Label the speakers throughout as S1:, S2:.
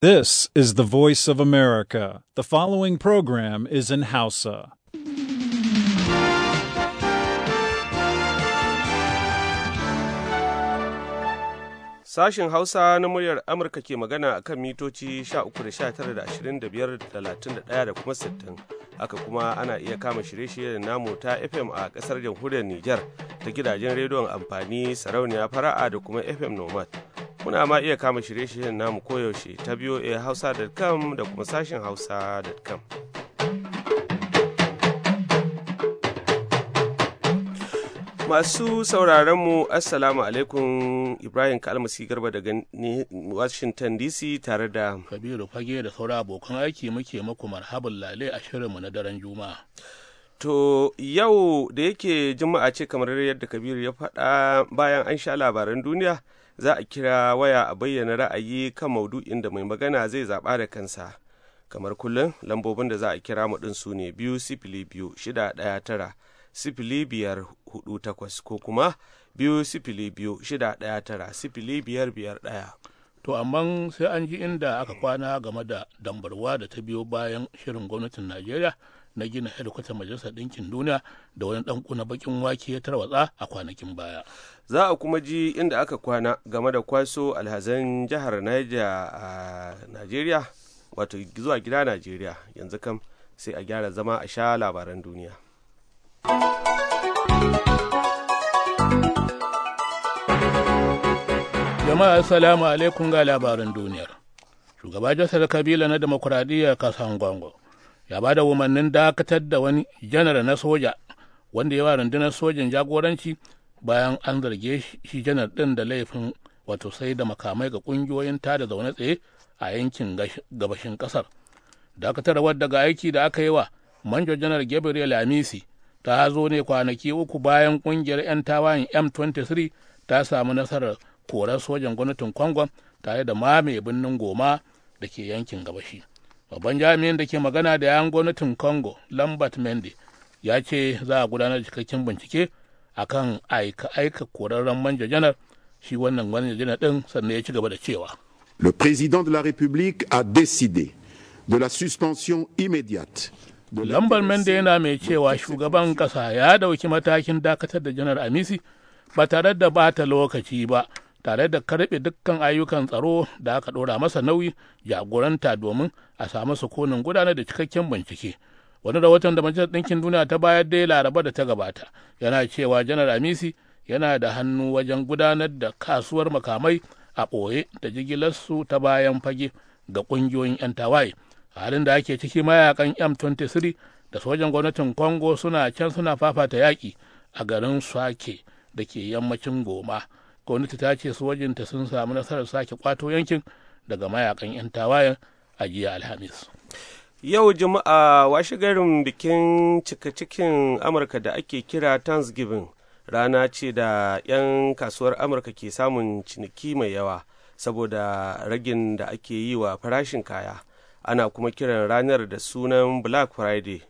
S1: This is the voice of America. The following program is in Hausa.
S2: Sashen Hausa na muryar Amurka ke magana a kan mitoci 13.25.31 da kuma Aka kuma ana iya kama shirye-shiryen namu ta FM a ƙasar jamhuriyar Nijar ta gidajen rediyon amfani sarauniya fara'a da kuma FM Nomad. muna ma iya kama shirye-shiryen namu koyaushe ta biyo a Hausa.com da kuma sashen Hausa.com. Masu sauraron mu Assalamu alaikum Ibrahim Kalmasi Garba daga Washington DC tare da
S3: Kabiru Fage da sauran abokan aiki muke muku marhaban lale a shirinmu na daren Juma'a.
S2: To yau da yake juma'a ce kamar yadda Kabiru ya faɗa bayan an sha labaran duniya za a kira waya a bayyana ra'ayi kan maudu'in da mai magana zai zaɓa da kansa. Kamar kullum lambobin da za a kira mu ɗin su ne biyu sifili biyu shida ɗaya tara sifili biyar hudu takwas ko kuma biyu sifili biyu shida ɗaya tara sifili biyar biyar ɗaya.
S3: To amma sai an ji inda aka kwana game da dambarwa da ta biyo bayan shirin gwamnatin Najeriya na gina hedikwatar majalisar ɗinkin duniya da wani ɗan kuna bakin wake ya tarwatsa a kwanakin baya za a
S2: kuma ji inda aka kwana game da kwaso alhazan jihar niger a najeriya wato zuwa gida najeriya yanzu kam sai a gyara zama a sha labaran duniya
S3: jama'a salamu alaikum ga labaran duniyar shugaba jasar kabila na demokuraɗiyya kasan gwango ya ba da umarnin dakatar da wani janar na soja wanda ya wa rundunar sojan jagoranci bayan an zarge shi janar ɗin da laifin wato sai da makamai ga ƙungiyoyin tada zaune tsaye a yankin gabashin ƙasar wadda ga aiki da aka yi wa manjo janar gabriel amisi ta zo ne kwanaki uku bayan ƙungiyar 'yan tawayin m23 ta samu nasarar korar sojan gwamnatin kwangon tare da mame birnin goma da ke yankin gabashi babban jami'in da ke magana da yan gwamnatin congo lambert mende ya ce za a gudanar cikakken bincike akan aika-aika korarren manja janar shi wannan manja janar din sannan ya ci gaba da cewa
S4: le président de la république a décidé de la suspension immédiate lambar
S3: mende yana mai cewa shugaban kasa ya dauki matakin dakatar da janar amisi ba tare da bata lokaci ba tare da karɓe dukkan ayyukan tsaro da aka ɗora masa nauyi jagoranta domin a samu sukunin gudanar da cikakken bincike wani rahoton da majalisar ɗinkin duniya ta bayar dai laraba da ta gabata yana cewa janar amisi yana da hannu wajen gudanar da kasuwar makamai a ɓoye da jigilarsu ta bayan fage ga ƙungiyoyin 'yan tawaye halin da ake ciki mayakan m23 da sojan gwamnatin congo suna can suna fafata yaƙi a garin swake da ke yammacin goma gwamnati ta ce su sojinta sun samu nasarar sake kwato yankin daga mayakan 'yan tawayen a jiya alhamis yau juma'a washe garin bikin
S2: cika cikin amurka da ake kira thanksgiving rana ce da 'yan kasuwar amurka ke samun ciniki mai yawa saboda ragin da ake yi wa farashin kaya ana kuma kiran ranar da sunan black friday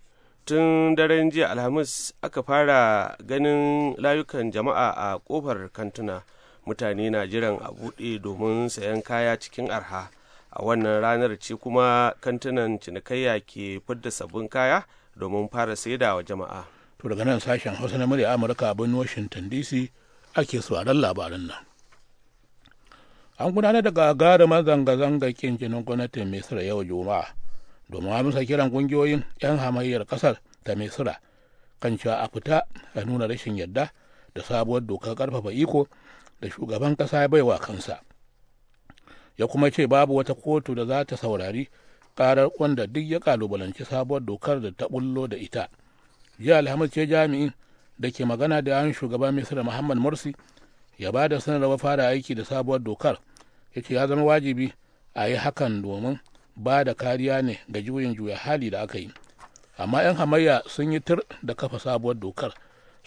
S2: tun daren jiya alhamis aka fara ganin layukan jama'a a kofar kantuna mutane na jiran a buɗe domin sayan kaya cikin arha a wannan ranar ce kuma kantunan cinikayya ke fidda sabbin kaya domin fara saida
S3: wa jama'a to daga nan sashen hausa na murya amurka abin washington dc ake sauraron labaran nan an gudanar da gagarumar zanga-zanga kin jinin gwamnatin misira yau juma'a domin amsa kiran kungiyoyin 'yan hamayyar kasar ta misira kan cewa a fita a nuna rashin yarda da sabuwar dokar karfafa iko da shugaban ƙasa ya baiwa kansa ya kuma ce babu wata kotu da za ta saurari karar wanda duk ya kalubalanci sabuwar dokar da ta bullo da ita jiya alhamis ce jami'in da ke magana da yawon shugaban misira muhammad morsi ya ba da sanarwa fara aiki da sabuwar dokar ya ce ya zama wajibi a yi hakan domin ba da kariya ne ga juyin juya hali da aka yi amma 'yan hamayya sun yi tir da kafa sabuwar dokar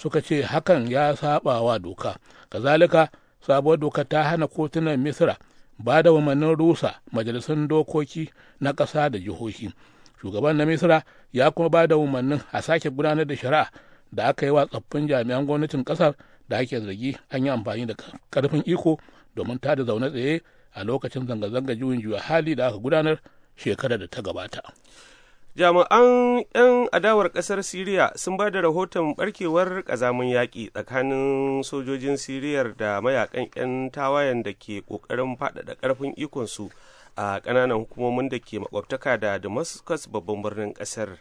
S3: suka ce hakan ya saba wa doka kazalika sabuwar doka ta hana kotunan misra ba da wamanin rusa majalisun dokoki na ƙasa da jihohi shugaban na misra ya kuma ba da umarnin a sake gudanar da shari'a da aka yi wa tsoffin jami'an gwamnatin ƙasar da ake zargi an yi amfani da ƙarfin iko domin ta da zaune tsaye a lokacin zanga-zanga juyin juya hali da aka gudanar shekarar da ta gabata. jami'an 'yan adawar ƙasar siriya
S2: sun ba da rahoton barkewar ƙazamin yaƙi tsakanin sojojin siriyar da mayakan 'yan tawayen da ke ƙoƙarin faɗaɗa ƙarfin ikonsu a ƙananan hukumomin da ke makwabtaka da damascus babban birnin ƙasar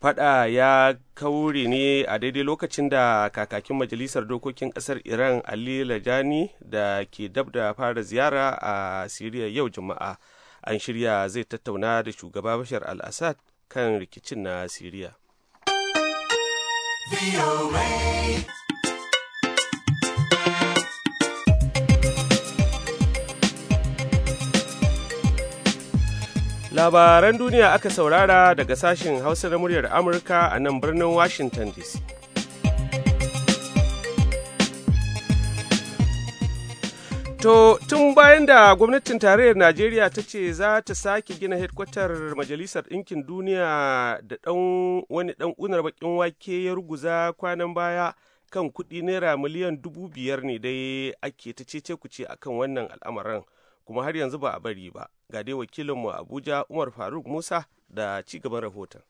S2: fada ya kaure ne a daidai lokacin da kakakin majalisar dokokin Ƙasar iran ali lajani da ke dab da fara ziyara a siriya yau juma'a an shirya zai tattauna da shugaba bashar al-assad kan rikicin na Siriya. Labaran duniya aka saurara daga sashen Hausa na muryar Amurka a nan birnin Washington DC. To tun bayan da gwamnatin tarayyar Najeriya ta ce za ta sake gina hedkwatar Majalisar Ɗinkin Duniya da ɗan wani ɗan unar bakin wake ya ruguza kwanan baya kan kuɗi naira miliyan dubu biyar ne dai ake ta ce ku ce akan wannan al'amarin kuma har yanzu ba a bari ba ga dai wakilinmu Abuja Umar Faruk Musa da ci gaban rahoton.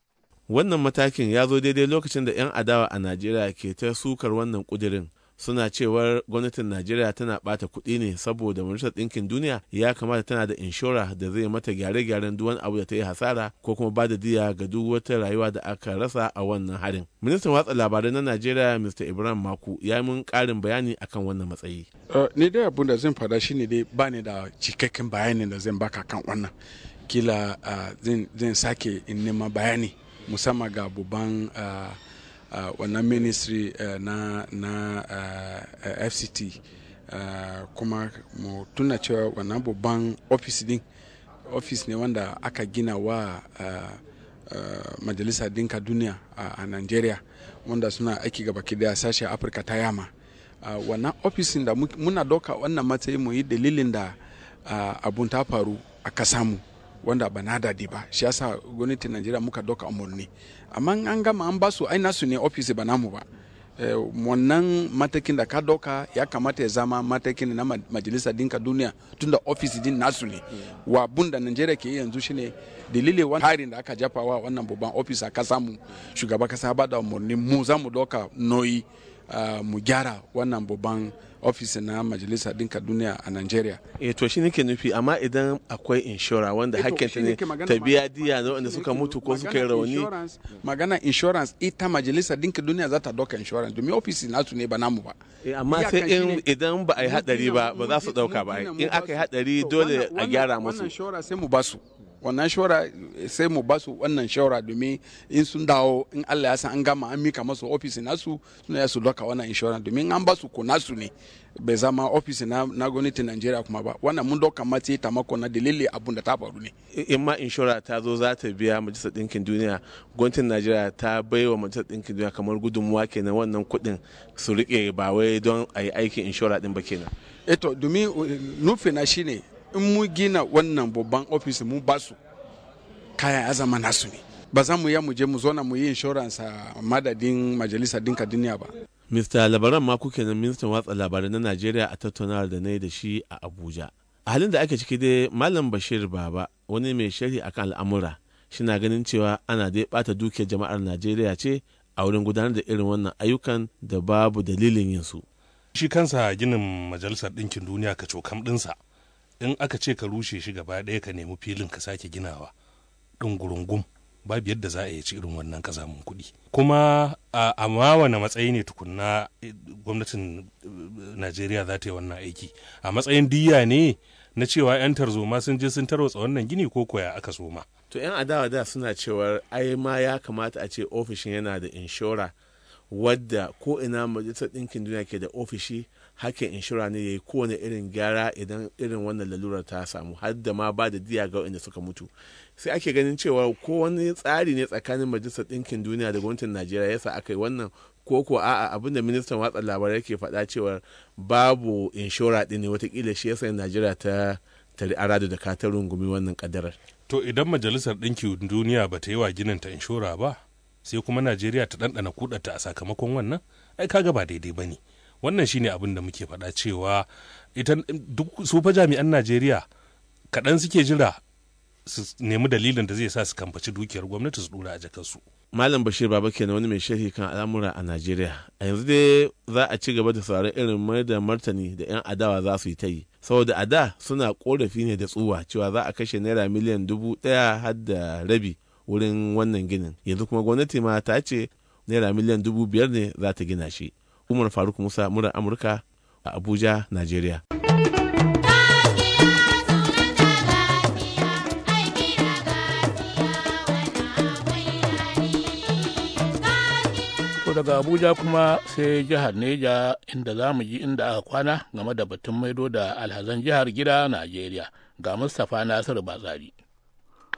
S5: Wannan matakin ya zo daidai lokacin da 'yan adawa a Najeriya ke ta sukar wannan kudirin suna cewar gwamnatin najeriya tana bata kuɗi ne saboda majalisar ɗinkin duniya ya kamata tana da inshora da zai mata gyare-gyaren duk wani abu da ta yi hasara ko kuma ba da diya ga duk wata rayuwa da aka rasa a wannan harin ministan watsa labarai na najeriya mr ibrahim maku ya yi mun karin bayani akan wannan matsayi
S4: eh, ni dai abin da zan faɗa ne dai ba ni da cikakken bayanin da zan baka kan wannan kila eh, zan sake in nema bayani musamman ga babban eh, Uh, wannan ministry uh, na, na uh, fct kuma mu tuna cewa wannan babban office din office ne wanda aka gina wa majalisa dinka duniya a nigeria wanda suna aiki gaba daya sashe afirka ta yama Uh, wannan ofisin da muna doka wannan matsayi mu yi dalilin da uh, abun ta faru a kasa mu wanda ba na dadi ba shi yasa gwamnatin najeriya muka doka umarni amma an gama an basu aina nasu ne ofis ba namu ba eh, wannan matakin da ka doka ya kamata ya zama matakin na majalisar dinka duniya tunda ofis din nasu ne wa bunda najeriya ke yanzu shine dalilin wani harin da aka jafa wa wannan babban ofis a kasa mu shugaba kasa ba da umarni mu za mu doka noyi Ah, mu gyara wannan babban ofis na majalisa dinka duniya a nigeria.
S5: E to shi nake nufi amma idan akwai inshora wanda eh, hakkin ta ne ta biya diya
S4: na wanda suka eh, mutu ko suka yi rauni. Magana insurance ita majalisa dinka duniya za ta doka insurance domin ofis su ne ba namu ba. amma sai in idan ba a
S5: yi hadari ba ba za su dauka ba in
S4: aka yi hadari dole a gyara musu. Wannan sai mu wannan shawara sai mu su wannan shawara domin in sun dawo in Allah ya san an gama an mika masu ofisi nasu suna ya su loka wannan insurance domin an basu ko nasu ne bai zama ofisi na, na gwamnatin Najeriya kuma ba wannan mun doka mace ta mako na dalili abun da ta faru ne
S5: in ma inshora ta zo za ta biya majalisar ɗinkin duniya gwamnatin Najeriya ta baiwa majalisar ɗinkin duniya kamar gudunmuwa kenan wannan kuɗin su riƙe ba wai don a yi aikin inshora ɗin ba kenan
S4: eto eh domin eh, nufina shine in mu gina wannan babban ofis mu ba su kayan azama nasu ne ba za mu ya mu je mu zo na mu yi insurance a madadin majalisar dinka duniya ba
S5: Mr. Labaran ma kuke nan ministan watsa labarai na Najeriya a tattaunawar da na yi da shi a Abuja. A halin da ake ciki dai Malam Bashir Baba wani mai sharhi akan al'amura shina ganin cewa ana dai bata dukiyar jama'ar Najeriya ce a wurin gudanar da irin wannan ayyukan da babu dalilin yin su. Shi kansa ginin
S3: Majalisar Ɗinkin Duniya ka cokam ɗinsa in aka ce ka rushe shi gaba ɗaya ka nemi filin ka sake ginawa ɗungurungum babu yadda za a yi ci irin wannan kazamin kuɗi kuma a ma wane matsayi ne tukunna eh, gwamnatin eh, najeriya za ta yi wannan aiki a matsayin diya ne na cewa 'yan tarzoma sun je sun tarwatsa wannan gini ko koya aka soma
S5: to 'yan adawa da suna cewar ai ma ya kamata a ce ofishin yana da inshora wadda ko ina majalisar ɗinkin duniya ke da ofishi haka inshura ne ya yi kowane irin gyara idan irin wannan lalurar ta samu har da ma ba da diya ga inda suka mutu sai ake ganin cewa ko wani tsari ne tsakanin majalisar ɗinkin duniya da gwamnatin najeriya yasa aka yi wannan ko ko a'a abinda ministan watsa labarai ke faɗa cewa babu inshora ɗin ne watakila shi yasa najeriya ta tari aradu da ka ta rungumi wannan kadarar
S3: to idan majalisar ɗinkin duniya ba ta yi wa ginin ta inshora ba sai kuma najeriya ta ɗanɗana kuɗata a sakamakon wannan ai kaga ba daidai ba ne wannan shine abin da muke faɗa cewa duk su fa jami'an najeriya kaɗan suke jira su nemi dalilin da zai sa su kamfaci dukiyar gwamnati su dura a jakansu. Malam Bashir Baba kenan wani mai sharhi
S5: kan al'amura a Najeriya. A yanzu dai za a ci gaba da sauraron irin mai da martani da 'yan adawa za su yi ta yi. Saboda a da suna korafi ne da tsuwa cewa za a kashe naira miliyan dubu daya har da rabi wurin wannan ginin yanzu kuma gwamnati ma ta ce naira miliyan dubu biyar ne za ta gina shi umar faruk musa murar amurka a abuja nigeria
S3: daga abuja kuma sai jihar neja inda za mu ji inda aka kwana game da batun maido da alhazan jihar gida najeriya ga mustapha nasiru batsari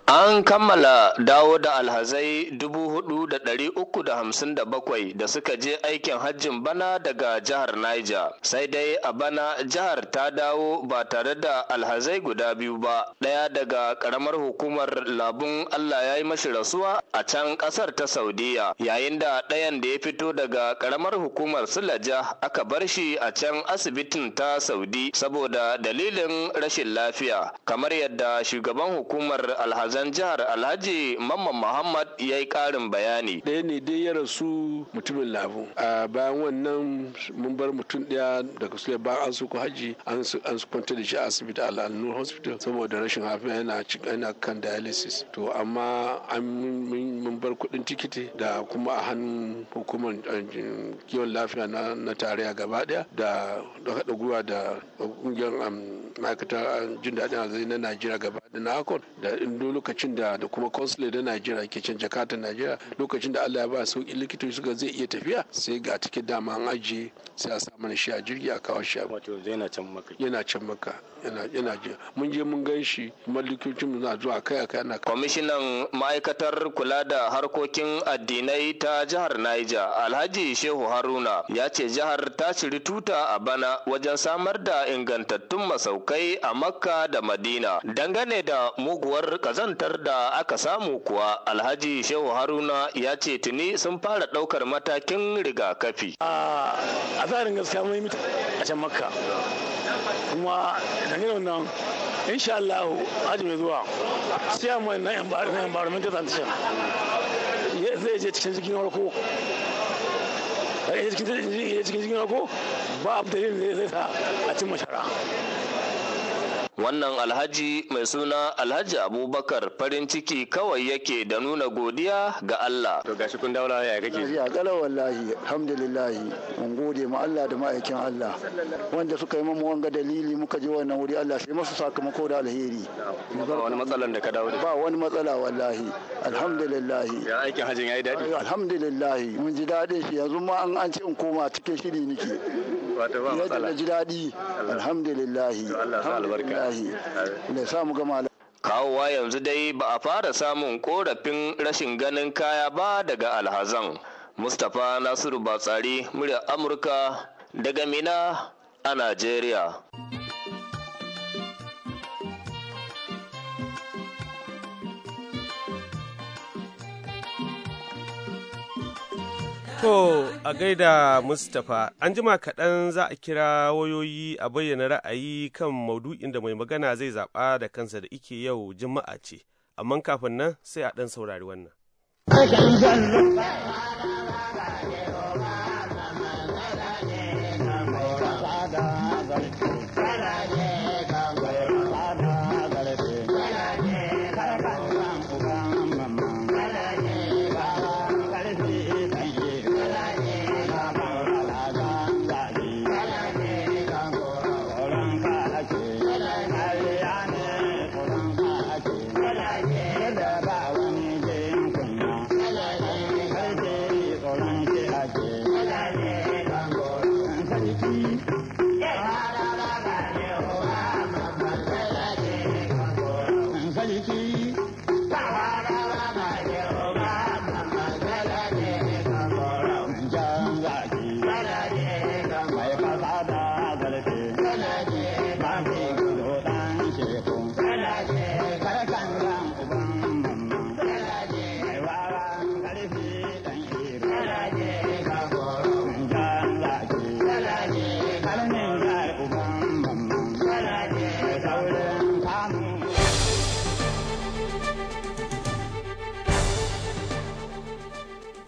S6: An kammala dawo da alhazai 4,357 da suka je aikin hajjin bana daga jihar Niger, sai dai a bana jihar ta dawo ba tare da alhazai guda biyu ba, ɗaya daga ƙaramar hukumar labun Allah ya yi mashi rasuwa a can ƙasar ta Saudiya, yayin da ɗayan da ya fito daga ƙaramar hukumar Sulaja aka bar shi a can asibitin ta Saudi saboda dalilin rashin lafiya, kamar yadda shugaban hukumar alhazai sandan jihar Alhaji Mamman Muhammad ya yi ƙarin bayani. Ɗaya ne dai ya rasu
S3: mutumin labu. A bayan wannan mun bar mutum ɗaya daga Suleiman an suku haji an su kwanta da shi a asibiti al'annur hospital saboda rashin hafi yana cikin kan dialysis. To amma an mun bar kuɗin tikiti da kuma a hannun hukumar eh, kiwon lafiya na tarayya gaba ɗaya da haɗa gwiwa da ƙungiyar um, ma'aikatar um, jin daɗin arziki na Najeriya gaba da na da in lokacin da da kuma consulate da Najeriya ke can Jakarta Najeriya lokacin da Allah ya ba sauki likitoci suka zai iya tafiya sai ga tiket dama an ajiye sai a samu na shi a jirgi a kawo shi wato yana can maka yana can maka yana yana mun je mun gan shi kuma likitocin na zuwa kai a
S6: kai na kwamishinan ma'aikatar kula da harkokin addinai ta jihar Niger Alhaji Shehu Haruna ya ce jihar ta ciri tuta a bana wajen samar da ingantattun masaukai a Makka da Madina dangane da muguwar kazanta kazantar da aka samu kuwa alhaji shehu haruna ya ce tuni sun fara ɗaukar matakin rigakafi a tsarin gaskiya mun mita
S3: a can makka kuma dangane wannan insha Allah hajji mai zuwa siya mai na environmental transition zai je cikin cikin warko cikin jikin warko ba abu da zai sa a cin
S5: mashara
S6: wannan alhaji mai suna alhaji abubakar farin ciki kawai yake da nuna godiya ga allah to gashi kun daula ya kake ya kala wallahi alhamdulillah mun gode ma allah da ma'aikin allah wanda suka yi mamu wanga dalili muka je wannan wuri allah sai masu sakamako da alheri ba wani matsalan da ka dawo ba wani matsala wallahi alhamdulillah ya aikin hajin yayi daɗi alhamdulillah mun ji daɗin shi yanzu ma an an ce in koma cikin shiri nake kawowa yanzu dai ba a fara samun korafin rashin ganin kaya ba daga alhazan mustapha nasiru batsari murya amurka daga mina a najeriya
S2: To a gaida Mustapha, an jima kaɗan za a kira wayoyi a bayyana ra'ayi kan maudu'in da mai magana zai zaɓa da kansa da ike yau juma'a ce, amma kafin nan sai a ɗan saurari wannan.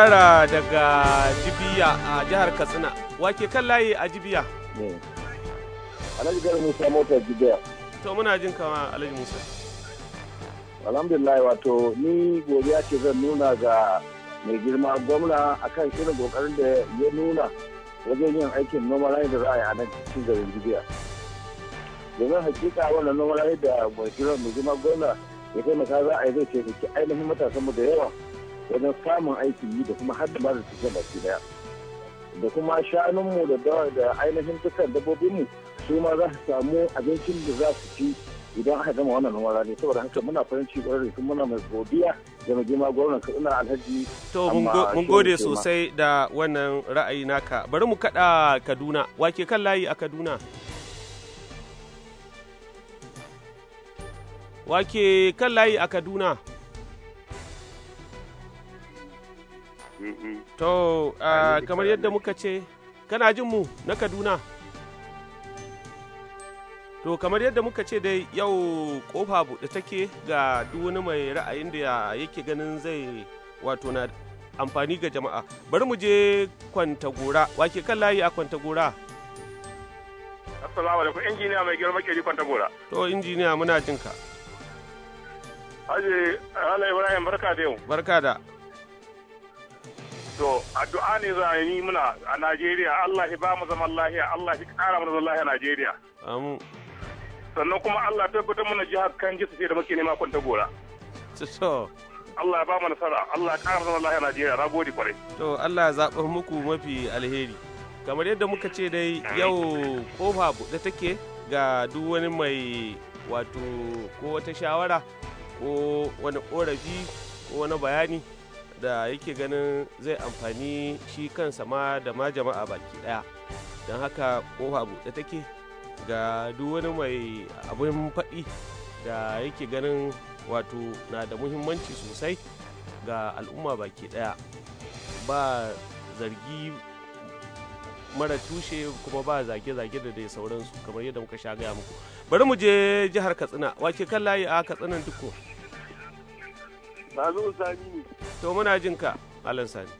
S2: fara daga Jibiya a jihar Katsina. Wake kan layi a Jibiya?
S7: Alhaji Gari Musa mota Jibiya. To muna jin kama Alhaji Musa. Alhamdulillah wato ni godiya ce zan nuna ga mai girma gwamna akan shirin kokarin da ya nuna wajen yin aikin noman layi da za a yi a nan cikin garin Jibiya. Domin hakika wannan noman layi da mai girma gwamna ya taimaka za a yi zai ke ainihin matasanmu da yawa wajen samun aikin yi da kuma har da suke da tafiya baki daya da kuma shanunmu da da ainihin dukkan dabbobinmu su ma za su samu abincin da za su ci idan aka gama wannan wara ne saboda haka muna farin ciki kwarai da muna mai godiya da mai girma gwamnan kaduna alhaji to mun gode sosai
S2: da wannan ra'ayi naka bari mu kada kaduna wake kan layi a kaduna wake kan layi a kaduna To, ah, kamar yadda muka ce, kana jin mu na Kaduna? To, kamar yadda muka ce dai yau kofa buɗe take ga duk wani mai ra'ayin da yake ganin zai wato na amfani ga jama'a. Bari mu je Kwantagora, wake kan layi a Kwantagora.
S7: Assalamu alaikum, injiniya mai girma ke Kwantagora.
S2: To, injiniya muna jinka.
S7: Haji, Ala Ibrahim, barka da yau. Barka da. to addu'a ne za yi muna a Najeriya Allah shi ba mu zaman lahiya Allah shi kara mana zaman lahiya Najeriya amu sannan kuma Allah tabbatar mana jihar Kanji su ce da muke nema kwanta gora to Allah ya ba mu nasara Allah ya kara zaman lahiya Najeriya na gode kwarai
S2: to Allah ya zaɓa muku mafi alheri kamar yadda muka ce dai yau kofa buɗe take ga duk wani mai wato ko wata shawara ko wani ƙorafi ko wani bayani da yake ganin zai amfani shi kansa ma da ma jama'a baki daya don haka kofa buɗe take ga duk wani mai abin faɗi da yake ganin wato na da muhimmanci sosai ga al'umma baki daya ba zargi mara tushe kuma ba zage-zage da dai sauransu kamar yadda muka sha gaya muku bari mu je jihar katsina wake kan layi a katsinan duku
S7: ba zo sami ne
S2: to muna jin ka malam sani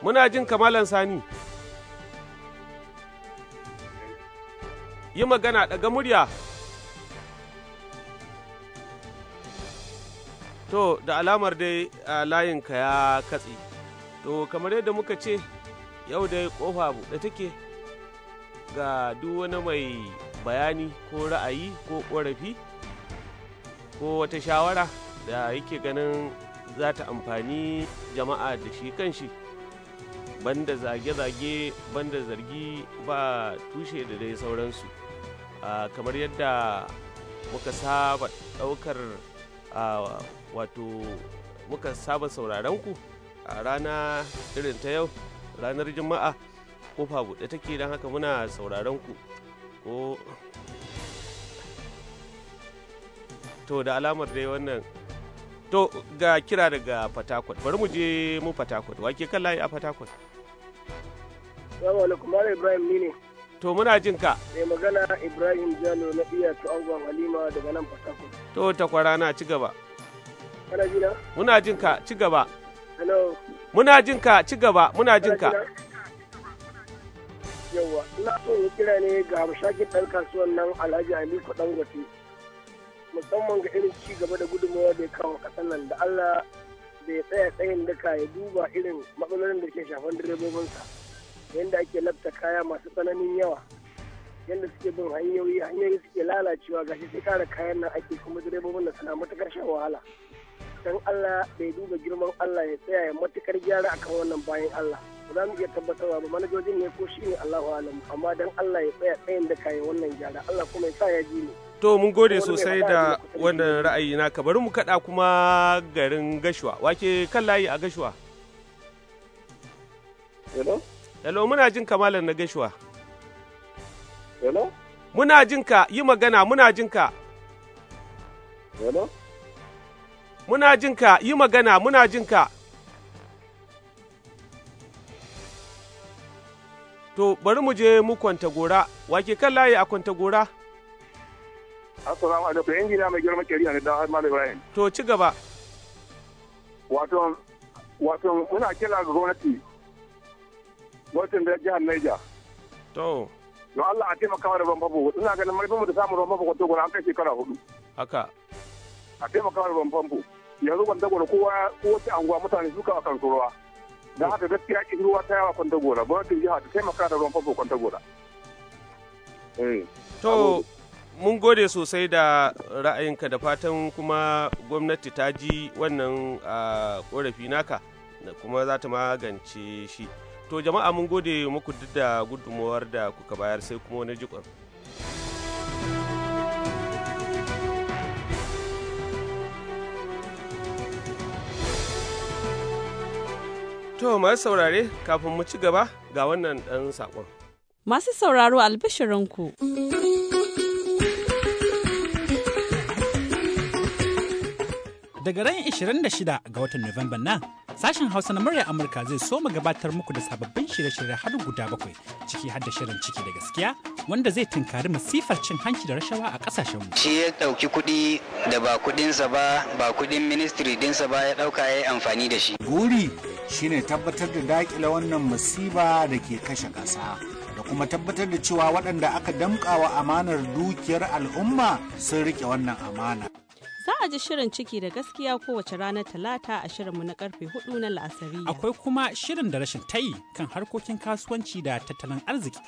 S2: muna jin ka malam sani yi magana daga murya to da alamar dai ka ya katse to kamar yadda muka ce yau dai kofa buɗe take ga duk wani mai bayani ko ra'ayi ko ƙorafi ko wata shawara da yake ganin za ta amfani jama'a da shi kanshi banda zage-zage banda zargi ba tushe da dai sauransu kamar yadda muka saba daukar wato muka saba sauraron ku a rana irin ta yau ranar juma'a kofa buɗe take don haka muna sauraron ku ko to da alamar dai wannan to ga kira daga fatakwal bari mu je mu fatakwal wake kan layi a fatakwal
S6: salamu alaikum mara ibrahim ni ne
S2: to muna jin ka
S6: mai magana ibrahim jalo na iya to angon halima daga nan fatakwal
S2: to kwara na ci gaba kana ji na muna jin ka ci gaba hello muna jin ka ci gaba muna jin ka
S6: yawa ina so in kira ne ga bashakin dan kasuwan nan alhaji aliko dangote musamman ga irin ci gaba da gudunmawa da ya kawo kasar nan da Allah bai tsaya tsayin daka ya duba irin matsalolin da ke shafan direbobinsa yadda ake labta kaya masu tsananin yawa yadda suke bin hanyoyi hanyoyi suke lalacewa gashi sai kara kayan nan ake kuma direbobin da suna matukar shan wahala dan Allah bai duba girman Allah ya tsaya ya matukar gyara akan wannan bayan Allah ba za mu iya tabbatarwa ba manajojin ne ko shi ne Allahu alam amma dan Allah ya tsaya tsayin da yi wannan gyara Allah kuma ya sa ya ji ne
S2: To mun gode sosai da wannan ra'ayi naka bari mu kaɗa kuma garin gashuwa wake kan layi a gashuwa. Hello? Hello muna jin kamalan na gashuwa. Hello? Muna jin ka yi magana muna jin ka. Hello? Muna jin ka yi magana muna jin ka. To bari mu je mu kwanta gora, wake kan layi a kwanta gora?
S7: Assalamu alaikum gina mai girma kariya ne da Ahmad Ibrahim. To ci gaba. Wato wato muna kira ga gwamnati. Gwamnatin da jihar Niger. To. Don Allah a taimaka da ban famfo. Ina ganin marfin mu da samun ban babu kwato gona an kai shekara hudu. Haka. A taimaka da ban babu. Yanzu kwantagora kowa kowace anguwa mutane suka a kan ruwa. Don haka gaskiya kin ruwa ta yawa kwantagora. Gwamnatin jiha ta taimaka da ban famfo kwantagora. Eh.
S2: To. mun gode sosai da ra'ayinka da fatan kuma gwamnati ta ji wannan korafi naka da kuma za ta magance shi to jama'a mun gode muku duk da gudunmawar da kuka bayar sai kuma wani jikon to masu saurare kafin mu ci gaba ga wannan ɗan saƙon
S8: masu sauraro albishirinku. ku
S1: Daga ran 26 ga watan Nuwamban nan, sashen Hausa na murya Amurka zai so mu gabatar muku da sababbin shirye-shirye har guda bakwai, ciki har da shirin ciki da gaskiya, wanda zai tunkari masifar cin hanci da rashawa a kasashen mu.
S6: Shi ya dauki kuɗi da ba kuɗinsa ba, ba kuɗin ministry dinsa ba ya dauka ya amfani da shi.
S1: buri shine tabbatar da dakile wannan masiba da ke kashe ƙasa. da kuma tabbatar da cewa waɗanda aka damƙawa amanar dukiyar al'umma sun riƙe wannan amana.
S8: Za a ji shirin ciki da gaskiya kowace ranar Talata a shirinmu na karfe hudu na la'asari.
S1: Akwai kuma shirin da rashin tayi kan harkokin kasuwanci da tattalin arziki.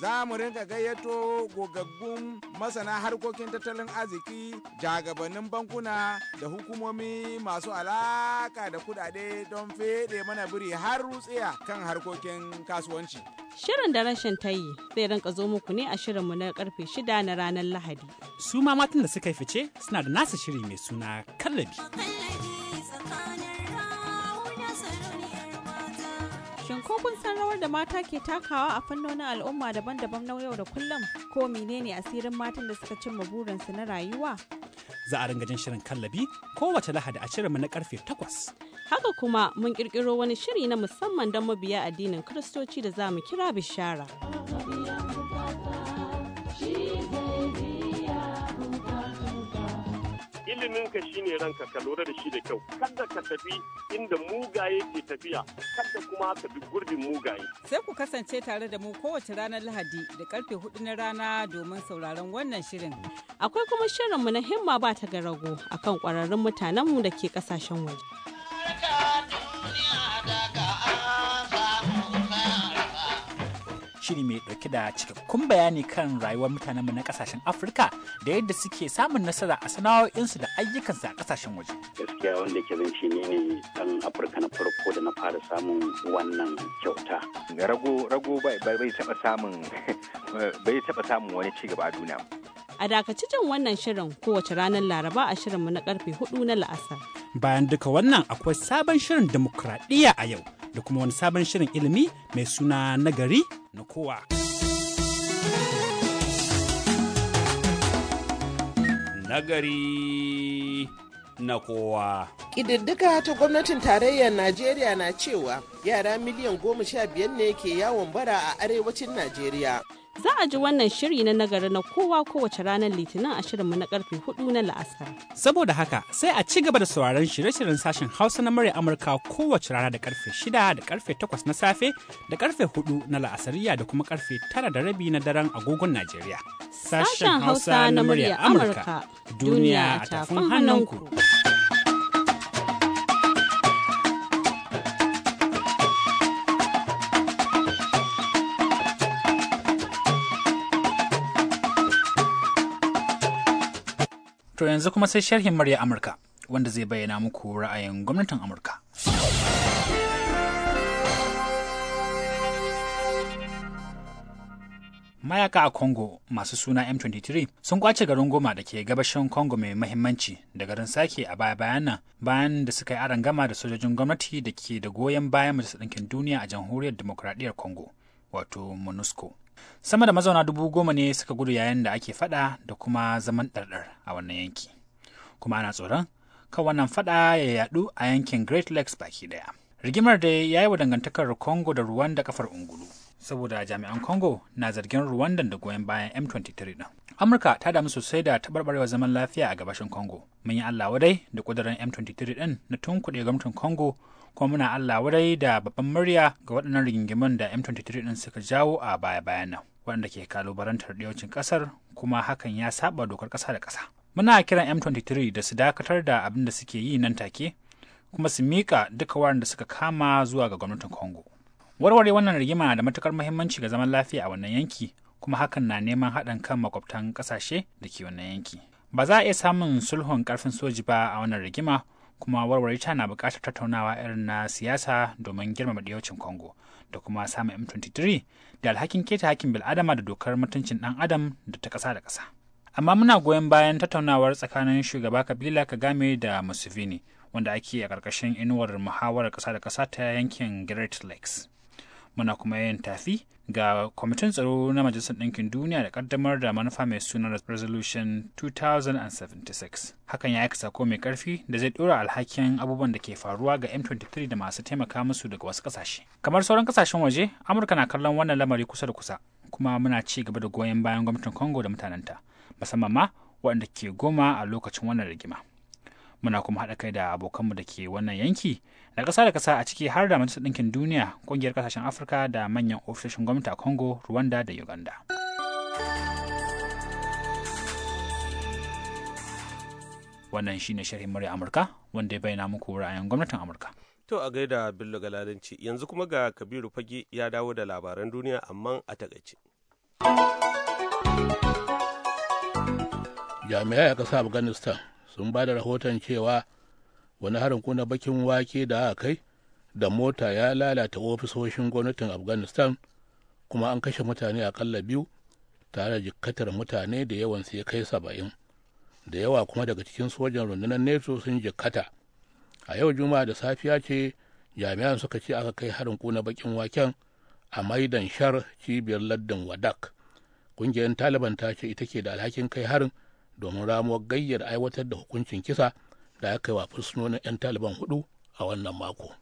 S4: za mu rinka gayyato gogaggun masana harkokin tattalin arziki jagabannin bankuna da hukumomi masu alaka da kudade don fede mana biri har rutsiya kan harkokin kasuwanci
S8: Shirin da rashin tayi zai rinka zo muku ne a shirinmu na karfe shida na ranar Lahadi.
S1: Su ma matan da suka fice suna da nasa shiri mai suna kallabi. Shin
S8: ko kun san rawar da mata ke takawa a fannonin al'umma daban-daban na yau da kullum? Ko menene asirin matan da suka cimma burinsu na rayuwa?
S1: Za a ringa jin shirin kallabi kowace lahadi a shirinmu na karfe takwas.
S8: Haka kuma mun kirkiro wani shiri na musamman don mabiya addinin Kiristoci da za mu kira bishara.
S7: ilimin ka shine ranka ka lura da shi da kyau kada ka tafi inda mugaye ke tafiya kada kuma ka bi gurbin mugaye sai
S8: ku kasance tare da mu kowace ranar lahadi da karfe hudu na rana domin sauraron wannan shirin akwai kuma shirinmu na himma ba ta garago akan kwararrun mutanenmu da ke kasashen
S1: waje shiri mai ɗauke da cikakkun bayani kan rayuwar mutanenmu na ƙasashen Afirka da yadda suke samun nasara a sana'o'insu da ayyukansu a ƙasashen waje.
S6: Gaskiya wanda ke
S1: zan ne ne dan Afirka na farko da na fara samun wannan kyauta. Rago rago bai taɓa samun bai taɓa samun wani gaba a duniya. A
S8: dakaci wannan shirin kowace ranar Laraba a shirinmu na karfe hudu na la'asar.
S1: Bayan duka wannan akwai sabon shirin demokradiyya a yau. da kuma wani sabon shirin ilimi mai suna nagari na kowa. Nagari na kowa.
S3: Ƙididdiga ta gwamnatin tarayyar Najeriya na cewa yara miliyan goma sha biyar ne ke
S8: yawon bara a arewacin Najeriya. Za a ji wannan shiri na nagari na kowa kowace ranar Litinin a shirinmu na karfe hudu na la'asar.
S1: Saboda haka sai a ci gaba da sauraron shirye-shiryen sashen Hausa na murya Amurka kowace rana da karfe shida da karfe takwas na safe da karfe hudu na la'asariya da kuma karfe tara da rabi na daren agogon Najeriya. Sashen Hausa
S8: na murya Amurka.
S3: Duniya a tafin hannunku.
S1: To yanzu kuma sai sharhin murya Amurka wanda zai bayyana muku ra'ayin gwamnatin Amurka. mayaka a Congo masu suna M23 sun kwace garin goma da ke gabashin Congo mai mahimmanci da garin sake a baya bayan nan bayan da suka yi gama da sojojin gwamnati da ke da goyon bayan majalisar ɗinkin duniya a jamhuriyar demokradiyyar Congo wato MONUSCO. sama da mazauna dubu goma ne suka gudu yayin da ake fada da kuma zaman ɗarɗar a wannan yanki kuma ana tsoron kan wannan fada ya yadu a yankin great lakes baki daya rigimar da ya yi wa dangantakar congo da rwanda kafar ungulu saboda jami'an congo na zargin rwanda da goyon bayan m23 din amurka ta damu sosai da taɓarɓarewa zaman lafiya a gabashin congo mun yi allah wadai da ƙudurin m23 din na tunkuɗe gwamnatin congo kuma muna Allah wadai da babban murya ga waɗannan rigingimin da M23 ɗin suka jawo a baya-bayan nan waɗanda ke kalubarantar ɗiyocin ƙasar kuma hakan ya saba dokar ƙasa da ƙasa. Muna kiran M23 da su dakatar da abin da suke yi nan take kuma su miƙa duka waɗanda suka kama zuwa ga gwamnatin Congo. Warware wannan rigima da matukar muhimmanci ga zaman lafiya a wannan yanki kuma hakan na neman haɗin kan makwabtan ƙasashe da ke wannan yanki. Ba za a iya samun sulhun ƙarfin soji ba a wannan rigima kuma warware ta na bukatar tattaunawa irin na siyasa domin girmama diyocin congo da kuma samun m23 da alhakin keta hakin bil'adama da dokar mutuncin ɗan adam da ta ƙasa da ƙasa amma muna goyon bayan tattaunawar tsakanin shugaba kabila kagame da museveni wanda ake a ƙarƙashin inuwar muhawarar ƙasa da ƙasa ta yankin great lakes muna kuma yin tafi ga kwamitin tsaro na majalisar ɗinkin duniya da ƙaddamar da manufa mai suna resolution 2076 hakan ya aika sako mai ƙarfi da zai ɗora alhakin abubuwan da ke faruwa ga m23 da masu taimaka musu daga wasu ƙasashe kamar sauran ƙasashen waje amurka na kallon wannan lamari kusa da kusa kuma muna ci gaba da goyon bayan gwamnatin congo da mutanenta musamman ma waɗanda ke goma a lokacin wannan rigima muna kuma haɗa kai da abokanmu da ke wannan yanki da ƙasa da ƙasa a ciki har da majalisar ɗinkin duniya ƙungiyar ƙasashen afirka da manyan ofisoshin gwamnati a congo rwanda da uganda wannan shine sharhin murya amurka wanda ya bayyana muku ra'ayin gwamnatin amurka
S2: to a gaida bello galadanci yanzu kuma ga kabiru fage ya dawo da labaran duniya amma a takaice
S3: jami'ai a ƙasa afghanistan sun ba da rahoton cewa wani harin kuna bakin wake da aka kai da mota ya lalata ofisoshin gwamnatin afghanistan kuma an kashe mutane akalla biyu tare da jikkatar mutane da yawan ya kai saba'in da yawa kuma daga cikin sojan rundunar neto sun jikkata a yau juma'a da safiya ce jami'an suka ce aka kai harin kuna bakin waken a maidan shar cibiyar laddin wadak ƙungiyar taliban ta ce ita ke da alhakin kai harin domin ramuwar gayyar aiwatar da hukuncin kisa da aka yi wa fursunonin 'yan taliban hudu a wannan mako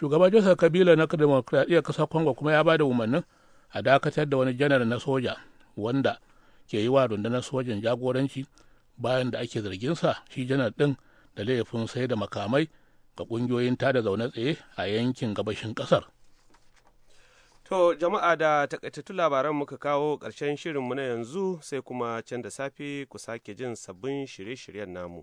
S3: shugaban joseph kabila na demokradiyyar kasar congo kuma ya ba da umarnin a dakatar da wani janar na soja wanda ke yi wa rundunar sojan jagoranci bayan da ake zarginsa shi janar din da laifin sai da makamai ga kungiyoyin tada zaune tsaye a yankin gabashin kasar
S2: To jama'a da takaitattu labaran muka kawo ƙarshen shirinmu na yanzu sai kuma can da safe ku sake jin sabbin shirye-shiryen namu.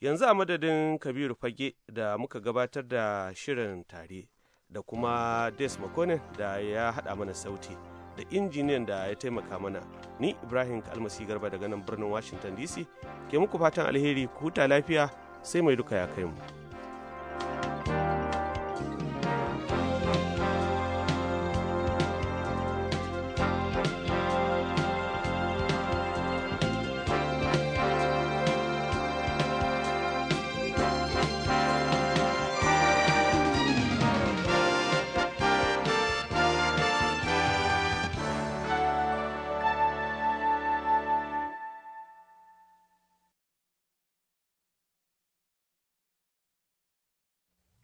S2: Yanzu a madadin Kabiru Fage da muka gabatar da shirin tare da kuma Des makone da ya haɗa mana sauti da injiniyan da ya taimaka mana. Ni Ibrahim Kalmasi Garba daga nan birnin Washington DC ke muku fatan alheri ku huta lafiya sai mai duka ya kai mu.